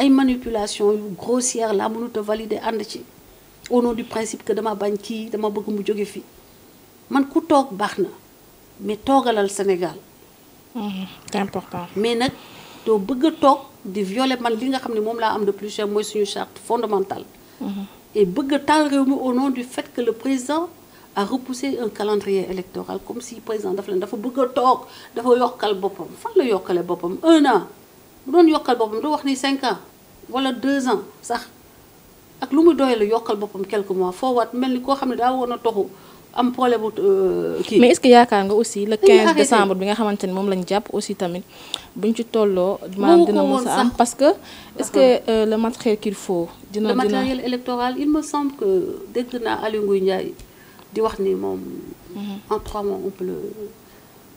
ay manipulation yu grossière laa mënut a ànd ci au nom du principe que dama bañ kii dama bëgg mu jóge fii man ku toog baax na mais toogalal Sénégal. Mhm, c'est important. mais nag doo bëgg toog di violer man li nga xam ne moom laa am de plus cher mooy suñu charte fondamentale. Mhm. et bëgg a taal réew mi au nom du fait que le président a repoussé un calendrier électoral comme si président dafa leen dafa bëgg toog dafa yokkal boppam fan la yokkale boppam un an bu doon yokkal boppam wax ni cinq wala deux ans sax ak lu muy doylu yokkal boppam quelques mois foowaat mel ni koo xam ne daa woon a toxu am problème bu euh, kii. mais est-ce que yaakaar nga aussi le 15 décembre bi nga xamante ni moom lañ jàpp aussi tamit buñ ci tolloo. maanaam dina mën sa am parce que est-ce que uh-huh. euh, le matériel qu'il dina dina le matériel électoral il me semble que dégg naa Aliou Ngouye Ndiaye di wax ni moom. Uh-huh. en trois mois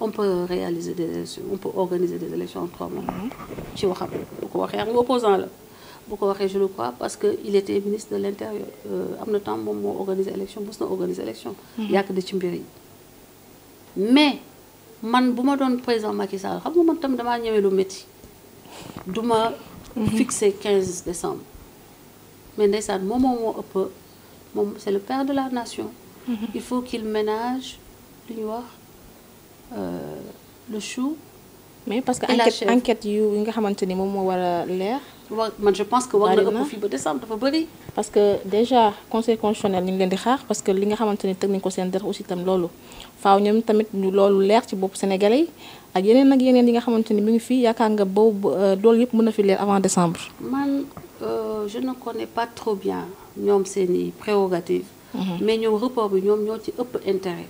on peut réaliser des élections on peut organiser des élections en trois mois. Uh-huh. ci waxam bu ko waxee xam nga opposant la. bu ko waxee je le crois parce que il était ministre de l' euh, am na temps moom moo organiser élection mos na organiser élection. Hmm. yàgg na ci mbir yi. mais man bu ma doon présent Macky Sall xam nga man tam damaa ñëwee lu métti du ma. Hmm. fixé 15 décembre. mais ndeysaan moom moo ëpp moom c' est le père de la nation. Hmm. il faut qu'il ménage lu ñu wax euh, le chou. mais parce que enquête enquête yu nga xamante ni moom moo war a leer. wa man je pense que war na ëpp fii ba décembre dafa bëri. parce que déjà conseil constitutionnel ñu ngi leen di xaar parce que li nga xamante ne teg nañ ko seen dara aussi itam loolu faaw ñoom tamit ñu loolu leer ci bopp sénégalais ak yeneen ak yeneen yi nga xamante ne mi ngi fii yaakaar nga boobu euh, loolu yëpp mën na fi leer avant décembre. man euh, je ne connais pas trop bien ñoom seen i prérogatives. Mhm. mais ñoom report bi ñoom ñoo ci ëpp intérêt.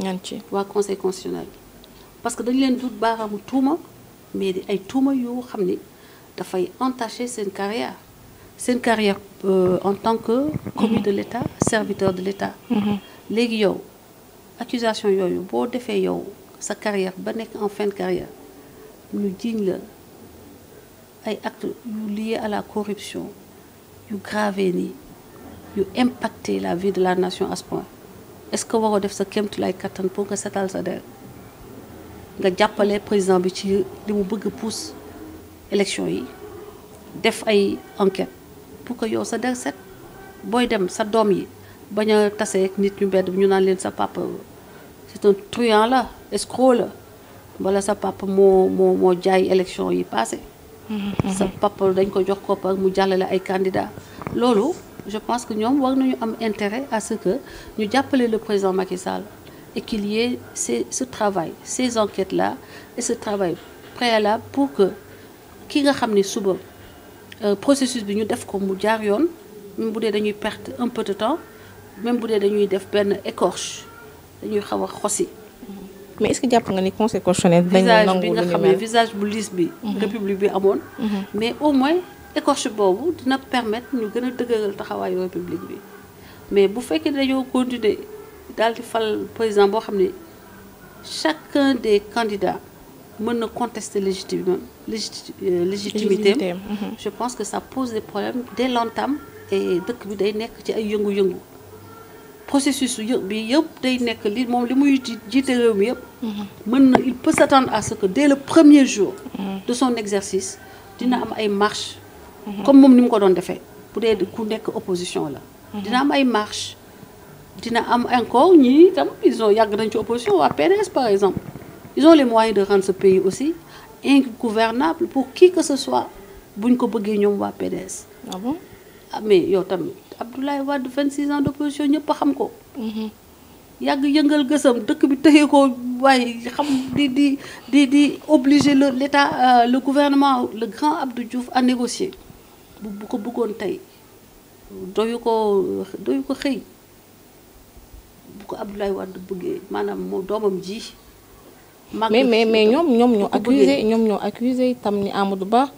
ñaan ci waa conseil constitutionnel parce que dañu leen dut baaraamu tuuma mais di ay tuuma yu xam ni. dafay entacher seen carrière seen carrière euh, en tant que commis de l'État serviteur de l'État mm-hmm. léegi yow accusation yooyu boo defee yow sa carrière ba nekk en fin de carrière ñu jiiñ la ay actes yu liés à la corruption yu grave nii yu impacté la vie de la nation à ce point est-ce que waroo def sa kéemtu lay kattan pour nga setal sa der nga jàppale président bi ci li mu bëgg pousse élection yi def ay enquête pour que yow sa der booy dem sa doom yi bañ a taseeg nit ñu mbedd ñu naan leen sa papa c'est un truand la escroc la wala sa papa moo moo moo jaay élection yi passé mm-hmm. sa papa dañ ko jox koppar mu jàllale ay candidat loolu je pense que ñoom war nañu am intérêt à ce que ñu jàppale le président Macky Sall et qu'il y ait ce travail ces enquêtes là et ce travail préalable pour que ki nga xam ne suba euh, processus bi ñu def ko mu jaar yoon même bu dee dañuy perte un peu de temps même bu dee dañuy def benn écorche dañuy xaw a xosi. Mm-hmm. mais est-ce que jàpp nga ni conseil constitutionnel. dañu nangu lu nga visage bu liis bi. Mm-hmm. république bi amoon. Mm-hmm. mais au moins écorche boobu dina permettre ñu gën a dëgëral taxawaayu république bi mais bu fekkee dañoo continuer daal di fal président boo xam ne chacun des candidats. mën na contester légitime euh, légitimité mhm. je pense que ça pose des problèmes dès l'entame et dëkk bi day nekk ci ay yëngu-yëngu processus bi yëpp day nekk li moom li muy jiite réew mi yëpp mhm. mën na il peut s'attendre à ce que dès le premier jour mhm. de son exercice dina am ay marche comme moom ni mu ko doon defee bu dee ku nekk opposition la dina am ay marche dina am encore ñii itam ils ont yàgg nañ ci opposition waa PDS par exemple ils ont les moyens de rendre ce pays aussi ingouvernable pour qui que ce soit buñ ko bëggee ñoom waa PDS. ah bon ah mais yow tamit Abdoulaye Wade 26 ans d'opposition ñëpp a xam ko. Mhm. yàgg yëngal gësam dëkk bi tëye ko waaye xam di di di di obliger le l'état euh, le gouvernement le grand Abdou Diouf à négocier bu ko bëggoon tey doyu ko doyu ko xëy bu ko Abdoulaye Wade bëggee maanaam moom doomam ji. mais mais mais ñoom ñoom ñoo accusé ñoom ñoo accusé tam ni Amadou Ba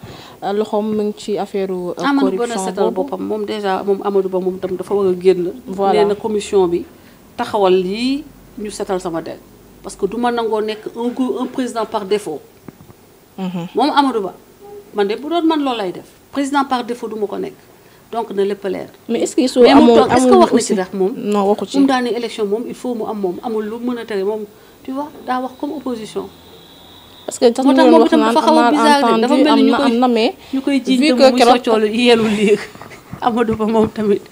euh, loxoom mu ngi ci affaire euh, corruption boobu boppam moom déjà moom Amadou Ba moom tam dafa war a génn. voilà na commission bi taxawal lii ñu setal sama del parce que du ma nangoo nekk un un président par défaut. Mhm. moom Amadou Ba man de bu doon man loolu lay def président par défaut ko nekk. donc na lépp leer. mais est-ce que soo amoo moom. non waxu ci moom moom il faut mu am moom amul lu mën a tere moom. tu vois daa wax comme opposition. parce que tax na ñu wax naan amaat dafa mel ni ñu koy ñu koy jiiñ te muy soccoo yeelul léegi Amadou Ba moom tamit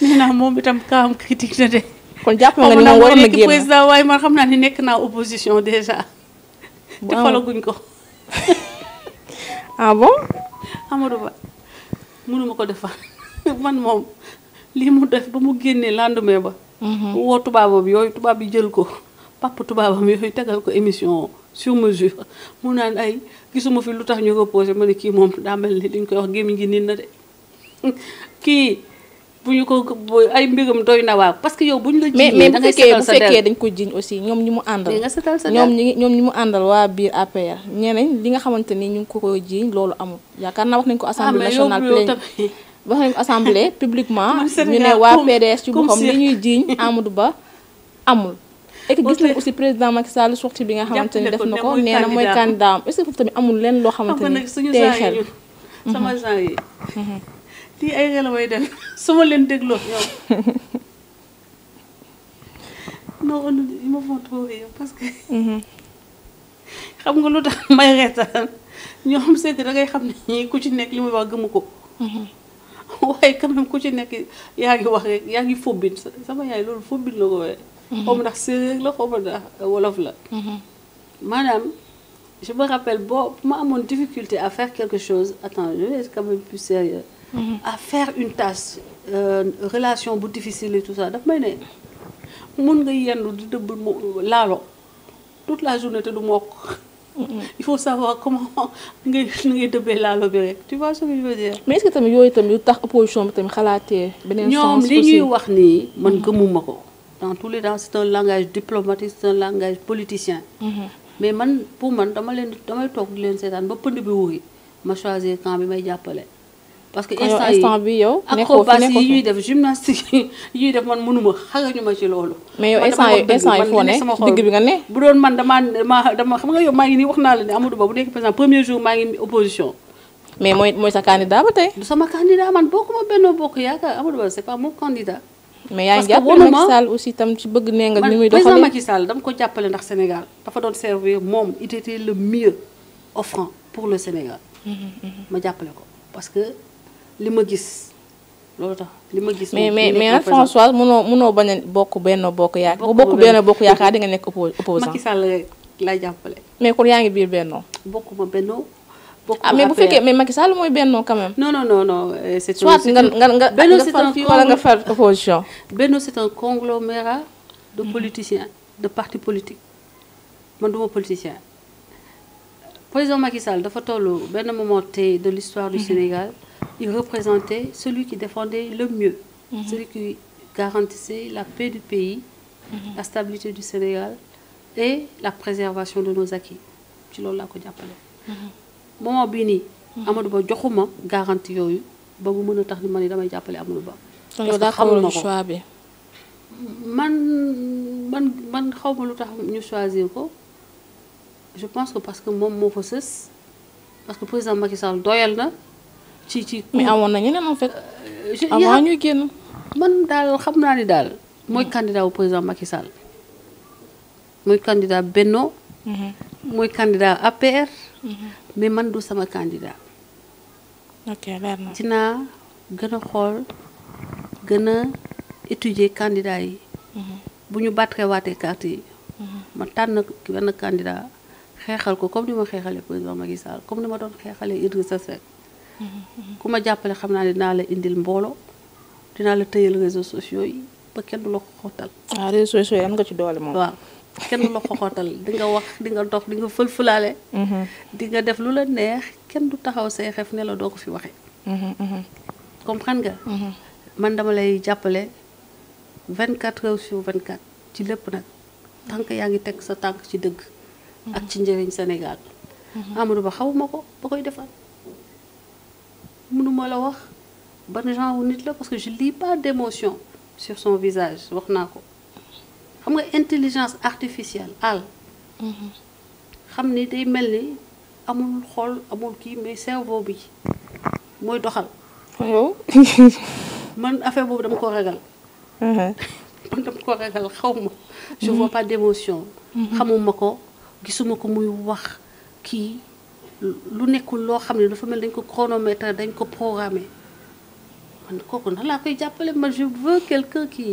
nee naa critique na de. ni moom war na génn président man xam naa ne nekk naa opposition déjà. te falaguñ ko. ah bon. ko defar man moom lii mu def ba mu génnee lendemain ba. Mhm. woo tubaabam yooyu tubaab bi jël ko. papa tubaabam yooyu tegal ko émission sur mesure mu naan ay gisuma fi lu tax ñu reposé ma ne kii moom daa mel ni li ñu koy wax gémmiñ gi nit na de kii bu ñu ko ay mbiram doy na waaw parce que yow bu ñu la. mais mais bu fekkee bu fekkee dañ ko jiñ aussi ñoom ñi mu àndal. nga setal sa ñoom ñi ñoom waa biir APR nga xamante ni ñu ngi ko koy jiñ loolu amul yaakaar naa wax nañu ah, ko assemblée nationale pleine wax nañu assemblée publiquement ñu ne waa PDS Ba amul. et que gis nañ aussi président Macky Sall sortie bi nga xamante ni def na ko nee mooy candidat am est-ce foofu tamit amul leen loo xamante ni tey xel sama genre yi mhm. mhm. lii ay xel may def su ma leen dégloo yow non on ils parce que mhm. xam nga lu tax may ñoo xam seeti da ngay xam ne ñii ku ci nekk li muy wax gëmu ko waaye quand même ku ci nekk yaa ngi wax rek yaa ngi fobbin sama yaay loolu fobbin la ko wooyee xaw mm-hmm. ndax séeréer la xaw ndax euh, wolof la. Mm-hmm. maanaam je me rappelle boo ma amoon difficulté à fair quelque chose attends je vais être quand même mm-hmm. à faire une tâche euh, relation bu difficile et tout ça daf may ne mun nga yendu di dëbb laalo toute la journée te du mokk. il faut savoir comment ngay ngay dëbbee laalo bi rek tu vois mais est tamit yooyu tamit lu tax opposition bi tamit xalaatee. beneen sens ñoom li wax nii man gëmuma ko. dans tous les temps c'est un langage diplomatique c'est un langage politicien. Mm-hmm. mais man pour man dama leen damay toog leen seetaan ba pënd bi wuuy ma choisir camp may jàppale. parce que instant bi yow acrobatie yi ñuy yi ñuy ma ngi nii wax naa la ne Amadou Ba bu nekk président premier jour maa ngi opposition. mais mooy sa candidat ba tey. sama candidat man bokkuma Benno Bokk Yaakaar Amadou Ba c'est pas mon candidat. mais yaa ngi jàppale Macky Sall aussi tam ci bëgg nee nga muy doxalee président Macky Sall dama ko jàppale ndax Sénégal dafa doon servir moom il était le mieux le Sénégal. Mm-hmm, mm-hmm. ma jàppale ko parce que li ma gis loolu tax li ma gis. mais mais mais Françoise mënoo mënoo bañ a bokk benn bokk yaakaar. bokk bokk benn bokk yaakaar di nga nekk opposant. Macky Sall laay jàppale. mais kon yaa ngi biir bennoo. bokkuma bennoo. ah mais bu fekkee mais Macky Sall mooy Benno quand même. non non non non euh, c'est soit nga nga nga Benno c'est un wala nga far opposition. Benno c'est un de mm-hmm. politiciens de partis politiques man duma politicien président Macky Sall dafa tollu benn moment T de l'histoire du mm-hmm. Sénégal il représentait celui qui défendait le mieux. Mm-hmm. celui qui garantissait la paix du pays. la stabilité du Sénégal et la préservation de nos acquis ci loolu la ko jàppale. moment bii nii. Hmm. Amadou Ba joxuma garantie yooyu ba mu mën a tax ni man damay jàppale Amadou Ba. loolu daa xamul ma ko choix man man man xaw ma lu tax ñu choisir ko je pense que parce que moom moo fa sës parce que président Macky Sall doyal na ci ci. mais amoon na ñeneen en fait. Euh, avant ñuy génn. man daal xam naa ni daal. mooy hmm. candidat wu président Macky mooy candidat Benno. Hmm. mooy candidat APR. mais man du sama candidat. ok na dinaa gën a xool gën a étudier candidat yi. Mhm. bu ñu battre waatee carte yi. Mhm. ma tànn benn candidat xeexal ko comme ni ma xeexalee président Macky Sall comme ni ma doon xeexalee sa Seck. Mhm, ku ma jàppale xam naa ne dinaa la indil mbooloo dinaa la tëyal réseaux sociaux yi ba kenn du la ko xottal. waaw ah, réseaux sociaux yi am nga ci doole moom waaw. kenn du la xoxotal di nga wax di dox di nga fël-fëlaale mm-hmm. dinga def lu la neex kenn du taxaw say xef ne la doo ko fi waxee mm-hmm, mm-hmm. comprendre nga man dama lay jàppale vingt quatre heures sur vingt quatre ci lépp nag tànk yaa ngi teg sa tànk ci dëgg ak ci njëriñ Sénégal Amadou Ba xawuma ko ba koy defal mënuma la wax ban genre nit la parce que je pas d'émotion sur son visage wax naa ko xam nga intelligence artificielle àll mhm. xam ni day mel ni amul xol amul kii mais cerveau bi mooy doxal man affaire boobu dama ko ragal mhm. man dama ko ragal xaw ma je mhm. xamuma ko gisuma ko muy wax kii lu nekkul loo xam ne dafa mel dañ ko chronométrer dañ ko programmer man kooku na koy jàppale man je veux quelqu'un qui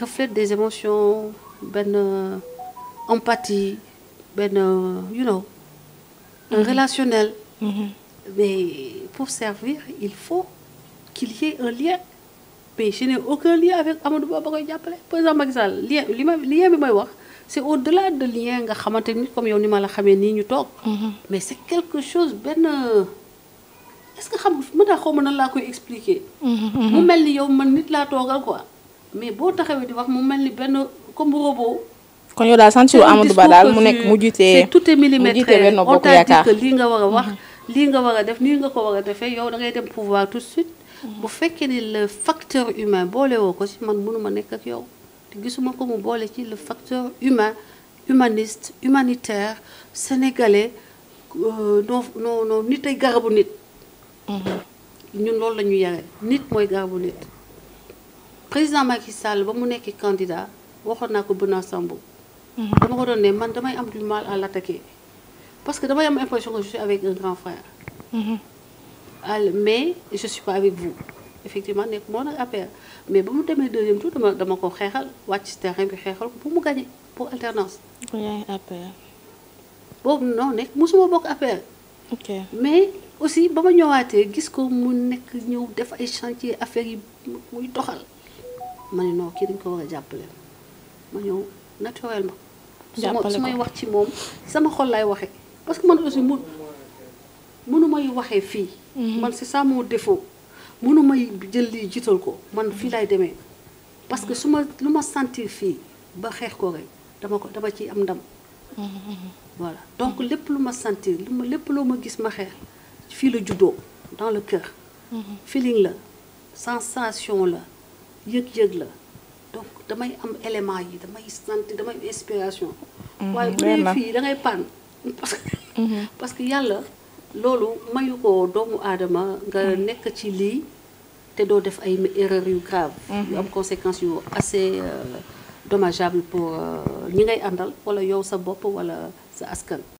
reflète des émotions benn euh, empathie benn euh, you know un mm-hmm. relationnel mm-hmm. mais pour servir il faut qu'il y ait un lien mais je n'ai aucun lien avec Amadou Ba ba koy jàppale président Macky Sall lien li ma lien bi may wax c'est au-delà de lien nga xamante ni comme yow ni ma la xamee nii ñu toog mm-hmm. mais c'est quelque chose benn est-ce que xam mën naa xaw ma nan laa koy expliquer mu mel ni yow man nit laa toogal quoi mais boo taxawee di wax mu mel ni benn comme robot. kon yow daal sant yow Amadou Ba daal mu nekk mu jiite tout est millimétré on t'a dit lii nga war a wax. Mm-hmm. lii nga war a def nii nga ko war a defee yow da ngay dem pouvoir tout de suite. Mm-hmm. bu fekkee ni le facteur humain boole ko ci man mënuma nekk ak yow gisuma ko mu boole ci le facteur humain humaniste humanitaire sénégalais noo euh, noo noo nit ay garabu nit. Mm-hmm. ñun loolu la ñu yare nit mooy garabu nit. président Macky Sall ba mu nekk candidat waxoon naa ko Benoît Sambou. Mhm. dama ko doon ne man damay am du mal à l'attaquer parce que damay am impression que je avec un grand frère. Mhm. mais je suis pas avec vous effectivement nekk moo nag affaire mais ba mu demee deuxième tour dama dama ko xeexal wàcc ci bi xeexal ko pour mu gagner pour alternance. boobu non nekk mosuma bokk affaire. mais aussi ba ma ñëwaatee gis ko mu nekk ñëw def ay chantier affaire yi muy doxal. ma ne non kii dañ ko war a jàppale ma ñëw naturel ma su may wax ci moom sama xol lay waxee parce que man aussi mu mënu may waxee fii mhm. man c'est ça mon défaut mënu may jël lii jiital ko man fii lay demee parce que su ma lu ma sentir fii ba xeex ko rek dama ko dama ci am ndam mhm. voilà donc lépp lu ma sentir lu ma lépp loo ma gis ma xeex fii la juddoo dans le kër mhm. feeling la sensation la yëg-yëg la donc damay am élément yi damay sant damay am inspiration. Mhm, waaye bu dee fii da ngay paan parce que. Mhm. parce que yàlla loolu mayu ko doomu aadama nga mhm. nekk ci lii te doo def ay erreur yu grave. yu am conséquences yu assez euh, dommageable pour euh, ñi ngay àndal wala yow sa bopp wala sa askan.